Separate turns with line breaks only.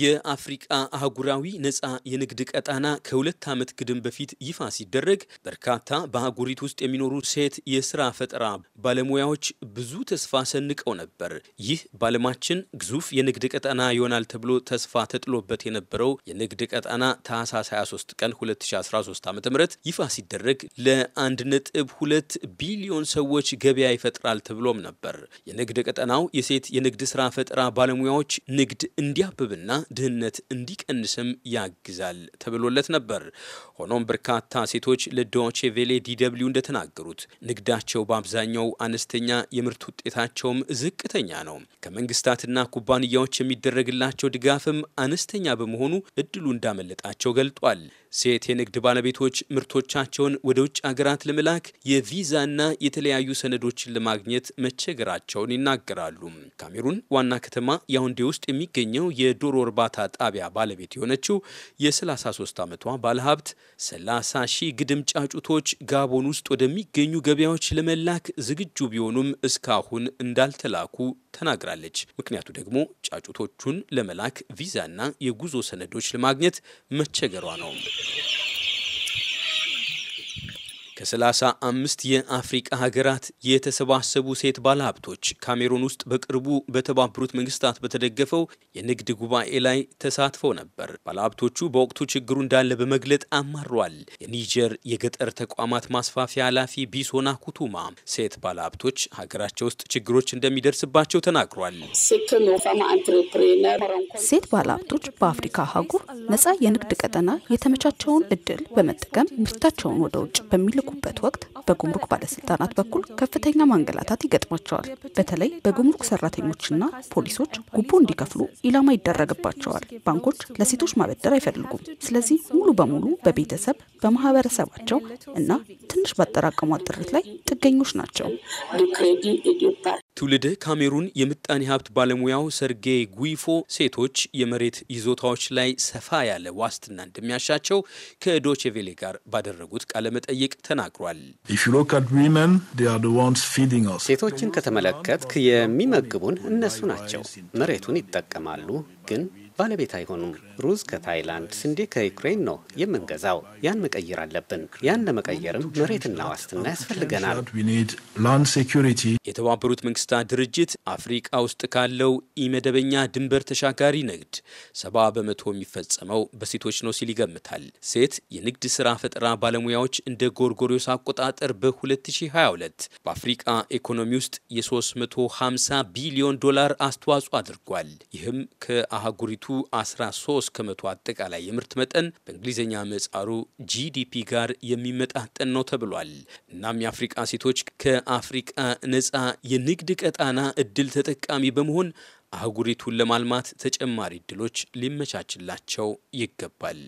የአፍሪቃ አህጉራዊ ነፃ የንግድ ቀጣና ከሁለት ዓመት ግድም በፊት ይፋ ሲደረግ በርካታ በአህጉሪት ውስጥ የሚኖሩ ሴት የስራ ፈጠራ ባለሙያዎች ብዙ ተስፋ ሰንቀው ነበር። ይህ ባለማችን ግዙፍ የንግድ ቀጣና ይሆናል ተብሎ ተስፋ ተጥሎበት የነበረው የንግድ ቀጣና ታህሳስ 23 ቀን 2013 ዓ ም ይፋ ሲደረግ ለ1.2 ቢሊዮን ሰዎች ገበያ ይፈጥራል ተብሎም ነበር። የንግድ ቀጠናው የሴት የንግድ ስራ ፈጠራ ባለሙያዎች ንግድ እንዲያብብና ድህነት እንዲቀንስም ያግዛል ተብሎለት ነበር። ሆኖም በርካታ ሴቶች ለዶቼ ቬሌ ዲደብሊው እንደተናገሩት ንግዳቸው በአብዛኛው አነስተኛ፣ የምርት ውጤታቸውም ዝቅተኛ ነው። ከመንግስታትና ኩባንያዎች የሚደረግላቸው ድጋፍም አነስተኛ በመሆኑ እድሉ እንዳመለጣቸው ገልጧል። ሴት የንግድ ባለቤቶች ምርቶቻቸውን ወደ ውጭ ሀገራት ለመላክ የቪዛና የተለያዩ ሰነዶችን ለማግኘት መቸገራቸውን ይናገራሉ። ካሜሩን ዋና ከተማ ያውንዴ ውስጥ የሚገኘው የዶሮ እርባታ ጣቢያ ባለቤት የሆነችው የ33 ዓመቷ ባለሀብት 30 ሺህ ግድም ጫጩቶች ጋቦን ውስጥ ወደሚገኙ ገበያዎች ለመላክ ዝግጁ ቢሆኑም እስካሁን እንዳልተላኩ ተናግራለች። ምክንያቱ ደግሞ ጫጩቶቹን ለመላክ ቪዛና የጉዞ ሰነዶች ለማግኘት መቸገሯ ነው። ከሰላሳ አምስት የአፍሪቃ ሀገራት የተሰባሰቡ ሴት ባለሀብቶች ካሜሩን ውስጥ በቅርቡ በተባበሩት መንግስታት በተደገፈው የንግድ ጉባኤ ላይ ተሳትፈው ነበር። ባለሀብቶቹ በወቅቱ ችግሩ እንዳለ በመግለጥ አማሯል። የኒጀር የገጠር ተቋማት ማስፋፊያ ኃላፊ ቢሶና ኩቱማ ሴት ባለሀብቶች ሀገራቸው ውስጥ ችግሮች እንደሚደርስባቸው ተናግሯል።
ሴት ባለሀብቶች በአፍሪካ አህጉር ነጻ የንግድ ቀጠና የተመቻቸውን እድል በመጠቀም ምርታቸውን ወደ ውጭ በሚልኩ በሚያልፉበት ወቅት በጉምሩክ ባለስልጣናት በኩል ከፍተኛ ማንገላታት ይገጥማቸዋል። በተለይ በጉምሩክ ሰራተኞችና ፖሊሶች ጉቦ እንዲከፍሉ ኢላማ ይደረግባቸዋል። ባንኮች ለሴቶች ማበደር አይፈልጉም። ስለዚህ ሙሉ በሙሉ በቤተሰብ በማህበረሰባቸው እና ትንሽ ባጠራቀሟ ጥሪት ላይ ጥገኞች ናቸው።
ትውልድ ካሜሩን የምጣኔ ሀብት ባለሙያው ሰርጌይ ጉይፎ ሴቶች የመሬት ይዞታዎች ላይ ሰፋ ያለ ዋስትና እንደሚያሻቸው ከዶቼቬሌ ጋር ባደረጉት ቃለመጠይቅ ተናግሯል። ሴቶችን ከተመለከትክ የሚመግቡን እነሱ ናቸው። መሬቱን ይጠቀማሉ፣ ግን ባለቤት አይሆኑም። ሩዝ ከታይላንድ፣ ስንዴ ከዩክሬን ነው የምንገዛው። ያን መቀየር አለብን። ያን ለመቀየርም መሬትና ዋስትና ያስፈልገናል። የተባበሩት መንግስት መንግስታት ድርጅት አፍሪቃ ውስጥ ካለው ኢመደበኛ ድንበር ተሻጋሪ ንግድ ሰባ በመቶ የሚፈጸመው በሴቶች ነው ሲል ይገምታል። ሴት የንግድ ስራ ፈጠራ ባለሙያዎች እንደ ጎርጎሪዮስ አቆጣጠር በ2022 በአፍሪቃ ኢኮኖሚ ውስጥ የ350 ቢሊዮን ዶላር አስተዋጽኦ አድርጓል። ይህም ከአህጉሪቱ 13 ከመቶ አጠቃላይ የምርት መጠን በእንግሊዝኛ ምህጻሩ ጂዲፒ ጋር የሚመጣጠን ነው ተብሏል። እናም የአፍሪቃ ሴቶች ከአፍሪቃ ነጻ የንግድ ቀጣና እድል ተጠቃሚ በመሆን አህጉሪቱን ለማልማት ተጨማሪ እድሎች ሊመቻችላቸው ይገባል።